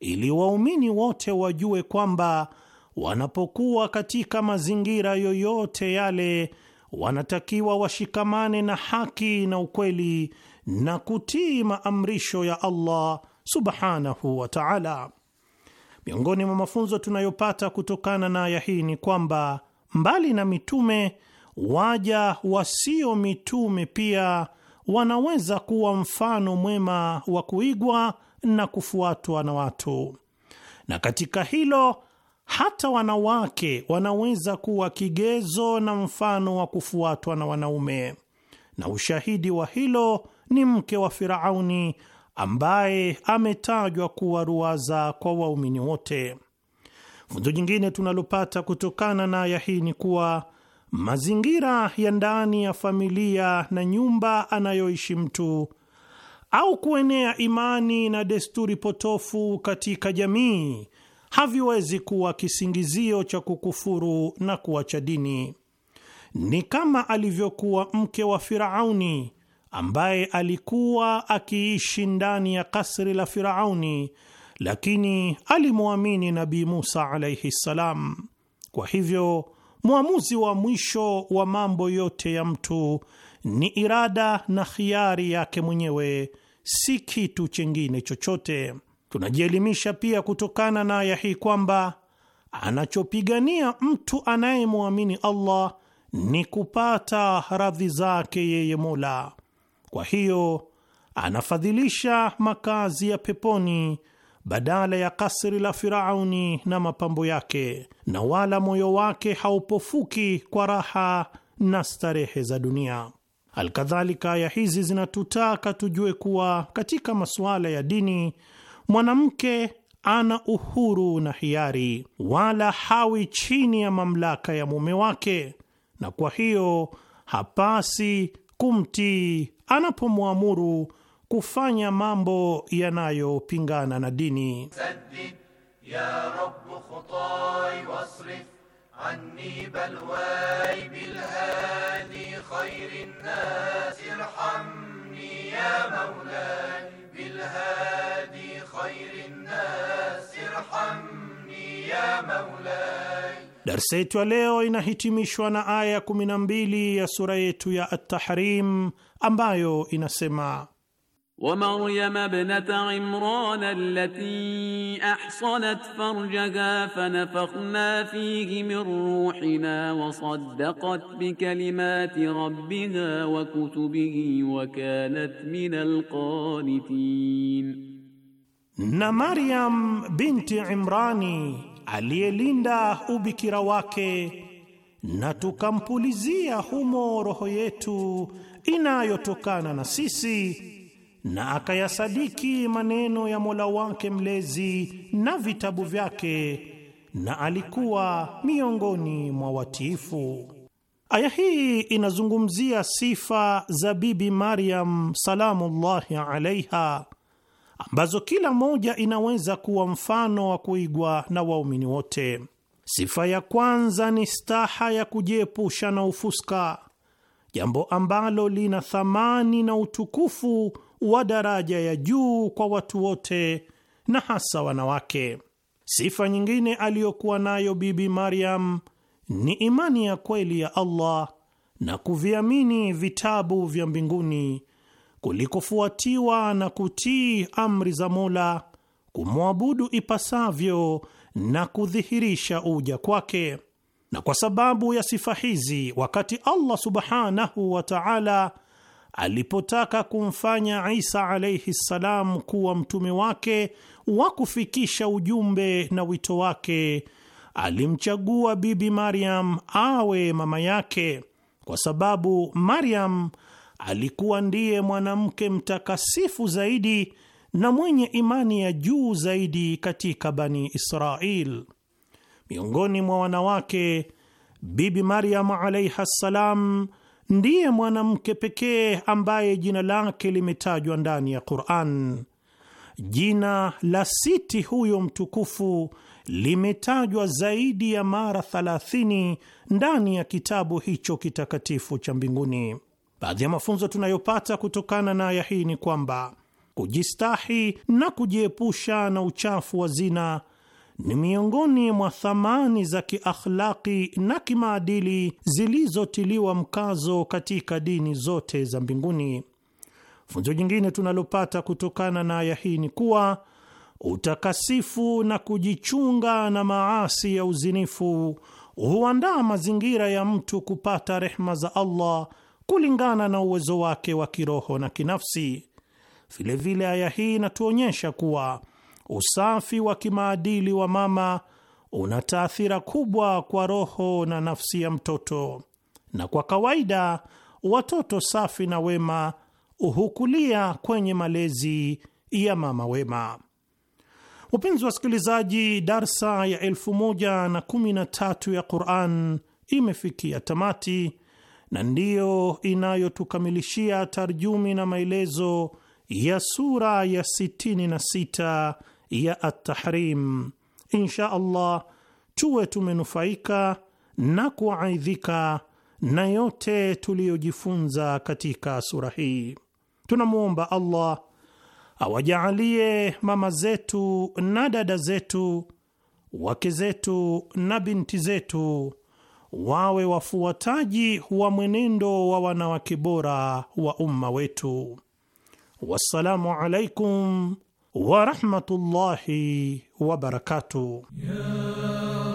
Speaker 2: ili waumini wote wajue kwamba wanapokuwa katika mazingira yoyote yale wanatakiwa washikamane na haki na ukweli na kutii maamrisho ya Allah subhanahu wa ta'ala. Miongoni mwa mafunzo tunayopata kutokana na aya hii ni kwamba mbali na mitume, waja wasio mitume pia wanaweza kuwa mfano mwema wa kuigwa na kufuatwa na watu, na katika hilo hata wanawake wanaweza kuwa kigezo na mfano wa kufuatwa na wanaume, na ushahidi wa hilo ni mke wa Firauni ambaye ametajwa kuwa ruwaza kwa waumini wote. Funzo jingine tunalopata kutokana na aya hii ni kuwa mazingira ya ndani ya familia na nyumba anayoishi mtu au kuenea imani na desturi potofu katika jamii haviwezi kuwa kisingizio cha kukufuru na kuacha dini. Ni kama alivyokuwa mke wa Firauni ambaye alikuwa akiishi ndani ya kasri la Firauni, lakini alimwamini Nabii Musa alaihi ssalam. Kwa hivyo mwamuzi wa mwisho wa mambo yote ya mtu ni irada na khiari yake mwenyewe, si kitu chengine chochote. Tunajielimisha pia kutokana na aya hii kwamba anachopigania mtu anayemwamini Allah ni kupata radhi zake yeye Mola. Kwa hiyo anafadhilisha makazi ya peponi badala ya kasri la Firauni na mapambo yake, na wala moyo wake haupofuki kwa raha na starehe za dunia. Alkadhalika, aya hizi zinatutaka tujue kuwa katika masuala ya dini mwanamke ana uhuru na hiari, wala hawi chini ya mamlaka ya mume wake, na kwa hiyo hapasi kumtii anapomwamuru kufanya mambo yanayopingana na dini. Saddi,
Speaker 3: ya عني بلواي بالهادي خير الناس ارحمني يا مولاي بالهادي خير الناس ارحمني يا مولاي
Speaker 2: درس yetu leo inahitimishwa na aya 12 ya sura yetu ya At-Tahrim ambayo inasema
Speaker 4: ومريم ابنة عمران التي أحصنت فرجها فنفخنا فيه من روحنا وصدقت بكلمات ربها وكتبه وكانت من القانتين
Speaker 2: na Maryam binti Imrani aliyelinda ubikira wake na tukampulizia humo roho yetu inayotokana na sisi na akayasadiki maneno ya Mola wake mlezi na vitabu vyake na alikuwa miongoni mwa watiifu. Aya hii inazungumzia sifa za Bibi Maryam salamullahi alaiha, ambazo kila moja inaweza kuwa mfano wa kuigwa na waumini wote. Sifa ya kwanza ni staha ya kujiepusha na ufuska, jambo ambalo lina thamani na utukufu wa daraja ya juu kwa watu wote na hasa wanawake. Sifa nyingine aliyokuwa nayo Bibi Maryam ni imani ya kweli ya Allah na kuviamini vitabu vya mbinguni kulikofuatiwa na kutii amri za Mola, kumwabudu ipasavyo na kudhihirisha uja kwake. Na kwa sababu ya sifa hizi, wakati Allah subhanahu wa ta'ala alipotaka kumfanya Isa alaihi ssalam kuwa mtume wake wa kufikisha ujumbe na wito wake, alimchagua Bibi Maryam awe mama yake, kwa sababu Maryam alikuwa ndiye mwanamke mtakasifu zaidi na mwenye imani ya juu zaidi katika Bani Israil. Miongoni mwa wanawake, Bibi Maryam alaihi ssalam ndiye mwanamke pekee ambaye jina lake limetajwa ndani ya Qur'an. Jina la siti huyo mtukufu limetajwa zaidi ya mara 30 ndani ya kitabu hicho kitakatifu cha mbinguni. Baadhi ya mafunzo tunayopata kutokana na aya hii ni kwamba kujistahi na kujiepusha na uchafu wa zina ni miongoni mwa thamani za kiakhlaki na kimaadili zilizotiliwa mkazo katika dini zote za mbinguni. Funzo jingine tunalopata kutokana na aya hii ni kuwa utakasifu na kujichunga na maasi ya uzinifu huandaa mazingira ya mtu kupata rehma za Allah kulingana na uwezo wake wa kiroho na kinafsi. Vilevile aya hii inatuonyesha kuwa usafi wa kimaadili wa mama una taathira kubwa kwa roho na nafsi ya mtoto, na kwa kawaida watoto safi na wema hukulia kwenye malezi ya mama wema. wa wasikilizaji, darsa ya elfu moja na kumi na tatu ya Quran imefikia tamati na ndiyo inayotukamilishia tarjumi na maelezo ya sura ya sitini na sita ya atahrim. Insha Allah tuwe tumenufaika na kuaidhika na yote tuliyojifunza katika sura hii. Tunamwomba Allah awajaalie mama zetu na dada zetu, wake zetu na binti zetu wawe wafuataji wa mwenendo wa wanawake bora wa umma wetu. Wassalamu alaikum ورحمه الله وبركاته يا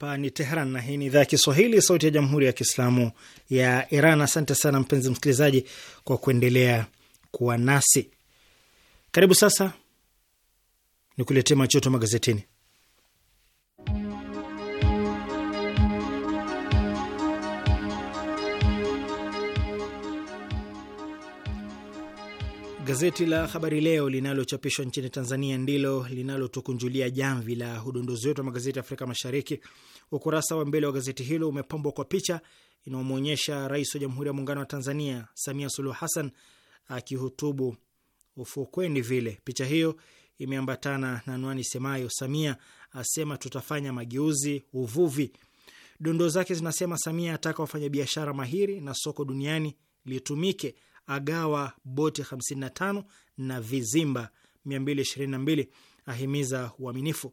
Speaker 1: Hapa ni Teheran na hii ni idhaa ya Kiswahili, sauti ya jamhuri ya kiislamu ya Iran. Asante sana mpenzi msikilizaji kwa kuendelea kuwa nasi. Karibu sasa ni kuletea machoto magazetini. Gazeti la Habari Leo linalochapishwa nchini Tanzania ndilo linalotukunjulia jamvi la udondozi wetu wa magazeti ya Afrika Mashariki. Ukurasa wa mbele wa gazeti hilo umepambwa kwa picha inayomwonyesha Rais wa Jamhuri ya Muungano wa Tanzania Samia Suluhu Hassan akihutubu ufukweni vile. Picha hiyo imeambatana na anwani semayo, Samia asema tutafanya mageuzi uvuvi. Dondoo zake zinasema, Samia ataka wafanyabiashara mahiri na soko duniani litumike agawa boti 55 na vizimba 222, ahimiza uaminifu.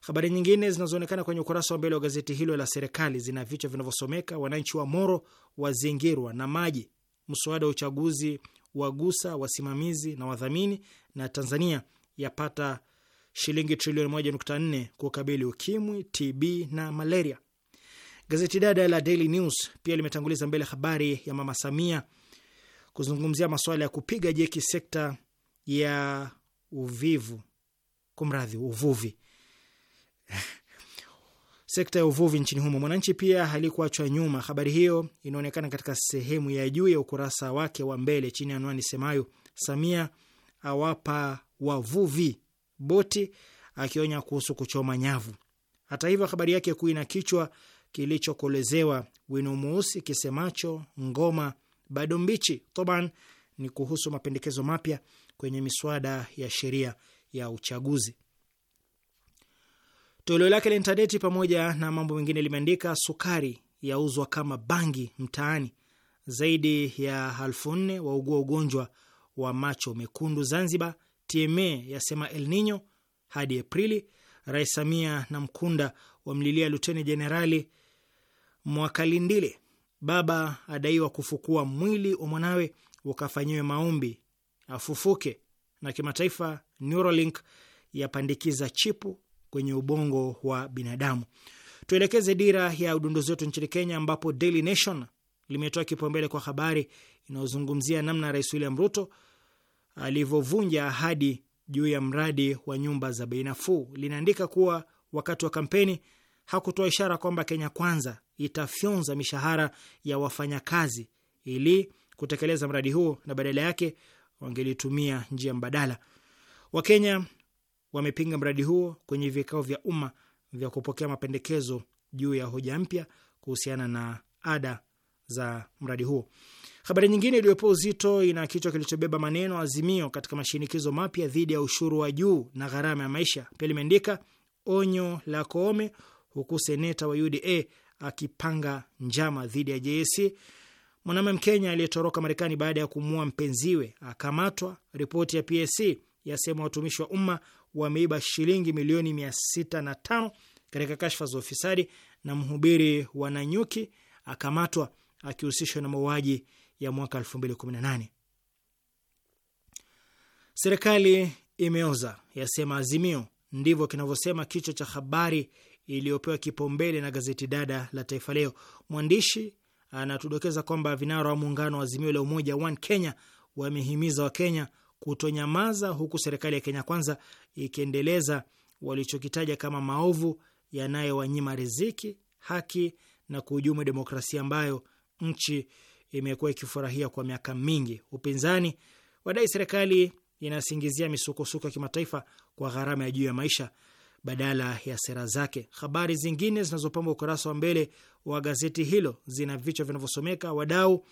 Speaker 1: Habari nyingine zinazoonekana kwenye ukurasa wa mbele wa gazeti hilo la serikali zina vichwa vinavyosomeka: wananchi wa Moro wazingirwa na maji, mswada wa uchaguzi wagusa wasimamizi na wadhamini, na Tanzania yapata shilingi trilioni moja nukta nne kukabili ukimwi, TB na malaria. Gazeti dada la Daily News pia limetanguliza mbele habari ya Mama Samia kuzungumzia masuala ya kupiga jeki sekta ya uvivu, kumradhi, uvuvi sekta ya uvuvi nchini humo. Mwananchi pia halikuachwa nyuma. Habari hiyo inaonekana katika sehemu ya juu ya ukurasa wake wa mbele chini ya anwani semayo, Samia awapa wavuvi boti, akionya kuhusu kuchoma nyavu. Hata hivyo, habari yake kuu ina kichwa kilichokolezewa wino mweusi kisemacho, ngoma bado mbichi. Toban ni kuhusu mapendekezo mapya kwenye miswada ya sheria ya uchaguzi. Toleo lake la intaneti pamoja na mambo mengine limeandika sukari yauzwa kama bangi mtaani, zaidi ya elfu nne waugua ugonjwa wa macho mekundu Zanzibar, TMA yasema El Nino hadi Aprili, Rais Samia na Mkunda wamlilia Luteni Jenerali Mwakalindile, Baba adaiwa kufukua mwili wa mwanawe ukafanyiwe maombi afufuke. Na kimataifa, Neuralink yapandikiza chipu kwenye ubongo wa binadamu. Tuelekeze dira ya udunduzi wetu nchini Kenya, ambapo Daily Nation limetoa kipaumbele kwa habari inayozungumzia namna Rais William Ruto alivyovunja ahadi juu ya mradi wa nyumba za bei nafuu. Linaandika kuwa wakati wa kampeni hakutoa ishara kwamba Kenya Kwanza itafyonza mishahara ya wafanyakazi ili kutekeleza mradi huo na badala yake wangelitumia njia mbadala. Wakenya wamepinga mradi huo kwenye vikao vya umma vya kupokea mapendekezo juu ya hoja mpya kuhusiana na ada za mradi huo. Habari nyingine iliyopewa uzito ina kichwa kilichobeba maneno Azimio katika mashinikizo mapya dhidi ya ushuru wa juu na gharama ya maisha. Pia limeandika onyo la Koome, huku seneta wa UDA akipanga njama dhidi ya JSC. Mwanaume Mkenya aliyetoroka Marekani baada ya kumua mpenziwe akamatwa. Ripoti ya PSC yasema watumishi wa umma wameiba shilingi milioni mia sita na tano katika kashfa za ufisadi, na mhubiri wa Nanyuki akamatwa akihusishwa na mauaji ya mwaka nane. Serikali imeoza, yasema Azimio. Ndivyo kinavyosema kichwa cha habari iliyopewa kipaumbele na gazeti dada la Taifa Leo. Mwandishi anatudokeza kwamba vinara wa muungano wa Azimio la Umoja One Kenya wamehimiza Wakenya kutonyamaza, huku serikali ya Kenya Kwanza ikiendeleza walichokitaja kama maovu yanayowanyima riziki, haki na kuhujumu demokrasia ambayo nchi imekuwa ikifurahia kwa miaka mingi. Upinzani wadai serikali inasingizia misukosuko ya kimataifa kwa gharama ya juu ya maisha badala ya sera zake. Habari zingine zinazopamba ukurasa wa mbele wa gazeti hilo zina vichwa vinavyosomeka: wadau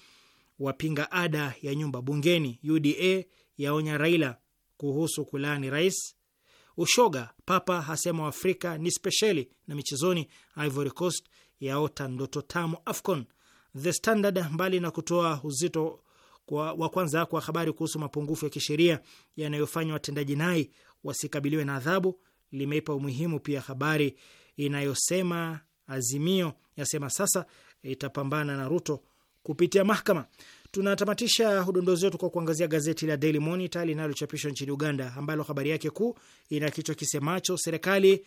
Speaker 1: wapinga ada ya nyumba bungeni, UDA yaonya Raila kuhusu kulaani rais, ushoga papa hasema waafrika ni spesheli, na michezoni, Ivory Coast yaota ndoto tamu AFCON. The Standard, mbali na kutoa uzito kwa, wa kwanza kwa habari kuhusu mapungufu ya kisheria yanayofanya watendaji nai wasikabiliwe na adhabu limeipa umuhimu pia habari inayosema Azimio yasema sasa itapambana na Ruto kupitia mahakama. Tunatamatisha udondozi wetu kwa kuangazia gazeti la Daily Monitor linalochapishwa nchini Uganda, ambalo habari yake kuu ina kichwa kisemacho serikali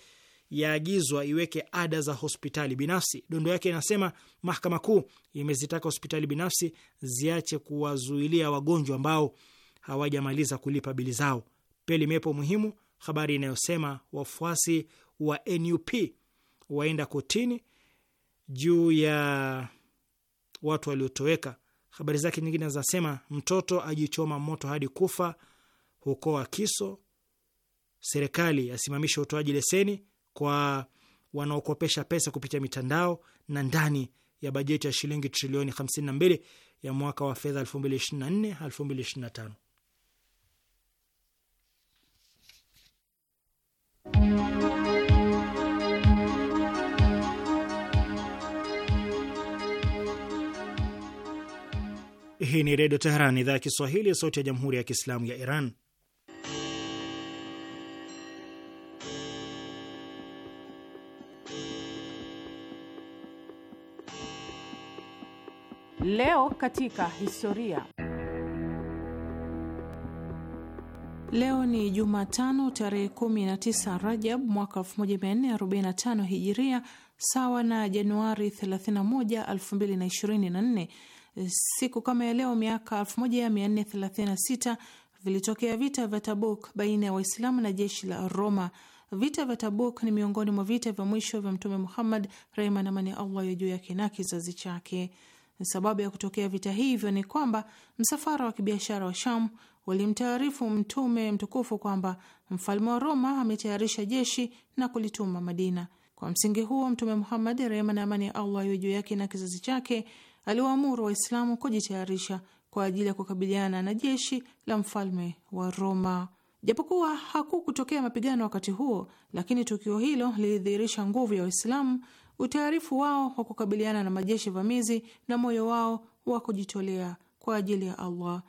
Speaker 1: yaagizwa iweke ada za hospitali binafsi. Dondo yake inasema mahakama kuu imezitaka hospitali binafsi ziache kuwazuilia wagonjwa ambao hawajamaliza kulipa bili zao. Pia limewepa muhimu habari inayosema wafuasi wa NUP waenda kotini juu ya watu waliotoweka. Habari zake nyingine zinasema mtoto ajichoma moto hadi kufa huko Wakiso, serikali asimamisha utoaji leseni kwa wanaokopesha pesa kupitia mitandao, na ndani ya bajeti ya shilingi trilioni 52 ya mwaka wa fedha 2024 2025. Hii ni Redio Teheran, idhaa ya Kiswahili, sauti ya Jamhuri ya Kiislamu ya Iran.
Speaker 5: Leo katika historia. Leo ni Jumatano tarehe 19 Rajab mwaka 1445 Hijiria, sawa na Januari 31, 2024 siku kama ya leo miaka 1436 vilitokea vita vya Tabuk baina ya Waislamu na jeshi la Roma. Vita vya Tabuk ni miongoni mwa vita vya mwisho vya Mtume Muhammad, rehma na amani ya Allah juu yake na kizazi chake. Sababu ya kutokea vita hivyo ni kwamba msafara wa kibiashara wa Sham walimtaarifu Mtume mtukufu kwamba mfalme wa Roma ametayarisha jeshi na kulituma Madina. Kwa msingi huo, Mtume Muhammad, rehma na amani ya Allah juu yake na kizazi chake aliwaamuru Waislamu kujitayarisha kwa ajili ya kukabiliana na jeshi la mfalme wa Roma. Japokuwa hakukutokea mapigano wakati huo, lakini tukio hilo lilidhihirisha nguvu ya Waislamu, utaarifu wao wa kukabiliana na majeshi vamizi na moyo wao wa kujitolea kwa ajili ya Allah.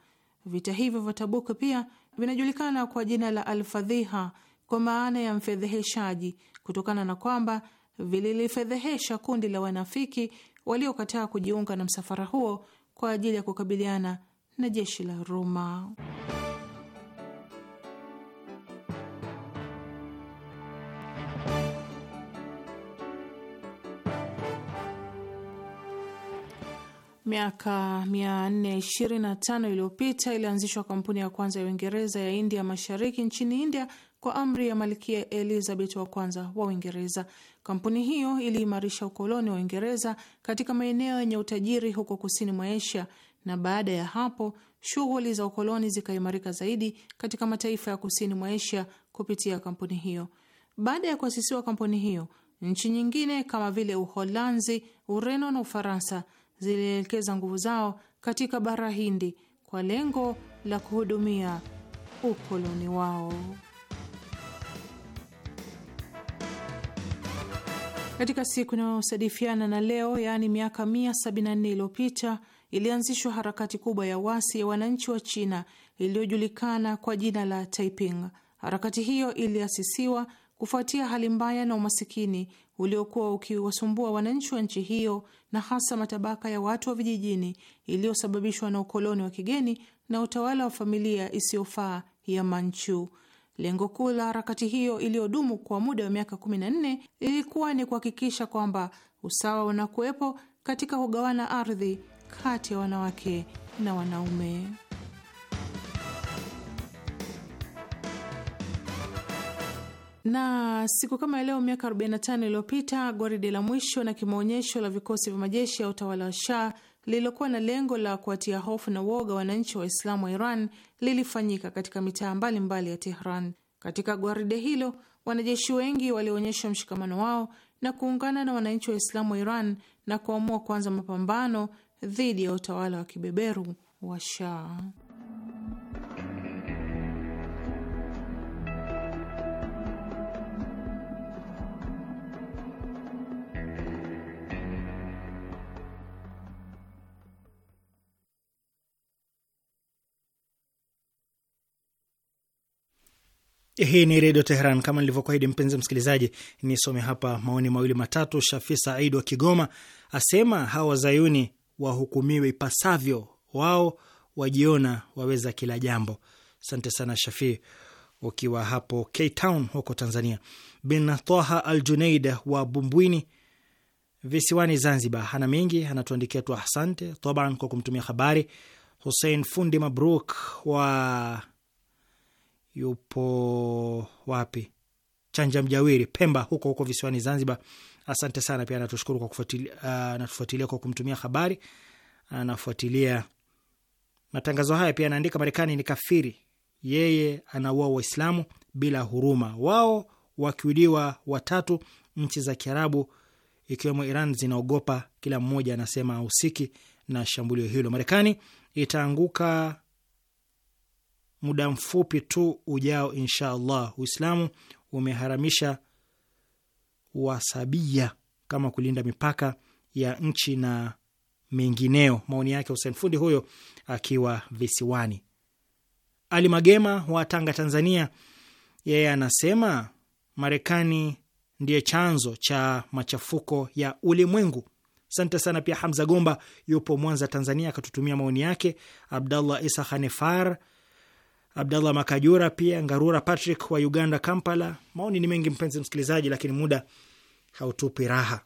Speaker 5: Vita hivyo vya Tabuk pia vinajulikana kwa jina la Alfadhiha, kwa maana ya mfedheheshaji, kutokana na kwamba vililifedhehesha kundi la wanafiki waliokataa kujiunga na msafara huo kwa ajili ya kukabiliana na jeshi la Roma. Miaka 425 iliyopita ilianzishwa kampuni ya kwanza ya Uingereza ya India Mashariki nchini India kwa amri ya Malkia Elizabeth wa kwanza wa Uingereza. Kampuni hiyo iliimarisha ukoloni wa Uingereza katika maeneo yenye utajiri huko kusini mwa Asia, na baada ya hapo shughuli za ukoloni zikaimarika zaidi katika mataifa ya kusini mwa Asia kupitia kampuni hiyo. Baada ya kuasisiwa kampuni hiyo, nchi nyingine kama vile Uholanzi, Ureno na Ufaransa zilielekeza nguvu zao katika bara Hindi kwa lengo la kuhudumia ukoloni wao. Katika siku inayosadifiana na leo, yaani miaka 174 iliyopita, ilianzishwa harakati kubwa ya wasi ya wananchi wa China iliyojulikana kwa jina la Taiping. Harakati hiyo iliasisiwa kufuatia hali mbaya na umasikini uliokuwa ukiwasumbua wananchi wa nchi hiyo na hasa matabaka ya watu wa vijijini, iliyosababishwa na ukoloni wa kigeni na utawala wa familia isiyofaa ya Manchu. Lengo kuu la harakati hiyo iliyodumu kwa muda wa miaka 14 ilikuwa ni kuhakikisha kwamba usawa unakuwepo katika kugawana ardhi kati ya wanawake na wanaume. na siku kama leo miaka 45 iliyopita, gwaride la mwisho na kimaonyesho la vikosi vya majeshi ya utawala wa Shah lililokuwa na lengo la kuwatia hofu na uoga wananchi wa islamu wa Iran lilifanyika katika mitaa mbalimbali ya Tehran. Katika gwaride hilo, wanajeshi wengi walionyesha mshikamano wao na kuungana na wananchi wa islamu wa Iran na kuamua kuanza mapambano dhidi ya utawala wa kibeberu wa Shah.
Speaker 1: Hii ni Redio Teheran. Kama nilivyokuahidi, mpenzi msikilizaji, nisome hapa maoni mawili matatu. Shafi Said wa Kigoma asema hawa wazayuni wahukumiwe ipasavyo, wao wajiona waweza kila jambo. Asante sana Shafi ukiwa hapo K Town huko Tanzania. Bin Taha Al Junaid wa Bumbwini visiwani Zanzibar hana mengi, anatuandikia tu asante taban kwa kumtumia habari. Husein Fundi Mabruk wa yupo wapi? Chanja Mjawiri, Pemba, huko huko visiwani Zanzibar. Asante sana pia, anatushukuru kwa kufuatilia, uh, anatufuatilia kwa kumtumia habari, anafuatilia matangazo haya. Pia anaandika, Marekani ni kafiri, yeye anaua Waislamu bila huruma, wao wakiuliwa watatu. Nchi za Kiarabu ikiwemo Iran zinaogopa, kila mmoja anasema ahusiki na shambulio hilo. Marekani itaanguka muda mfupi tu ujao, insha Allah. Uislamu umeharamisha wasabia kama kulinda mipaka ya nchi na mengineo. Maoni yake Hussein Fundi huyo akiwa visiwani. Ali Magema wa Tanga, Tanzania, yeye anasema Marekani ndiye chanzo cha machafuko ya ulimwengu. Asante sana. Pia Hamza Gomba yupo Mwanza, Tanzania, akatutumia maoni yake. Abdallah Isa Hanefar Abdallah Makajura pia Ngarura Patrick wa Uganda, Kampala. Maoni ni mengi mpenzi msikilizaji, lakini muda hautupi raha.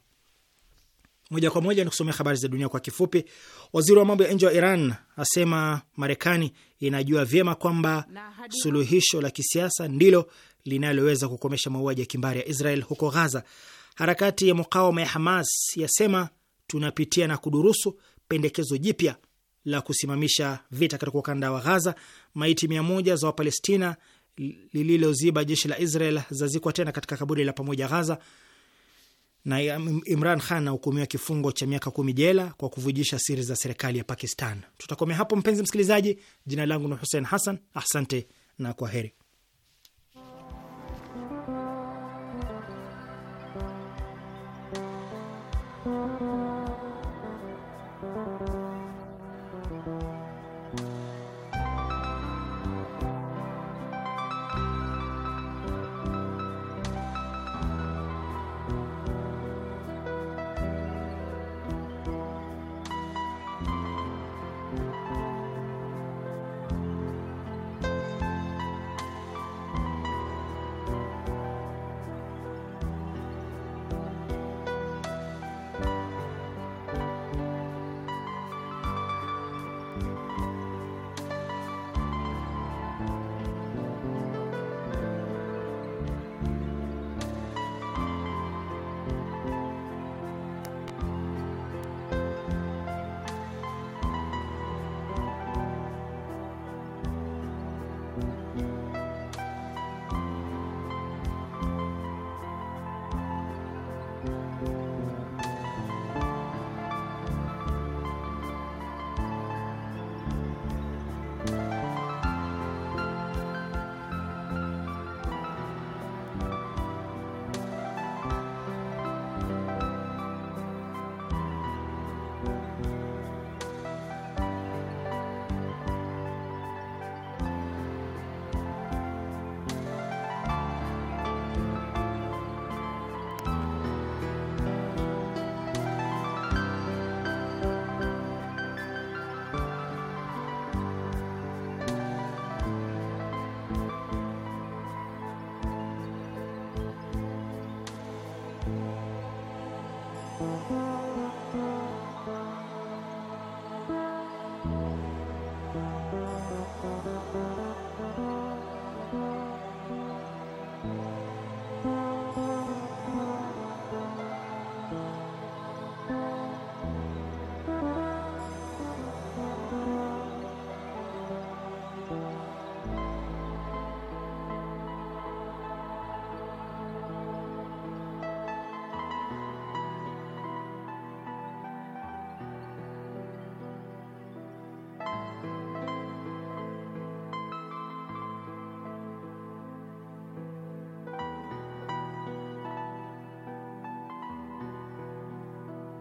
Speaker 1: Moja kwa moja ni kusomea habari za dunia kwa kifupi. Waziri wa mambo ya nje wa Iran asema Marekani inajua vyema kwamba suluhisho la kisiasa ndilo linaloweza kukomesha mauaji ya kimbari ya Israel huko Ghaza. Harakati ya mukawama ya Hamas yasema tunapitia na kudurusu pendekezo jipya la kusimamisha vita katika ukanda wa Ghaza. Maiti mia moja za Wapalestina lililoziba jeshi la Israel zazikwa tena katika kaburi la pamoja Ghaza. Na Imran Khan ahukumiwa kifungo cha miaka kumi jela kwa kuvujisha siri za serikali ya Pakistan. Tutakomea hapo mpenzi msikilizaji. Jina langu ni Hussein Hassan, asante na kwa heri.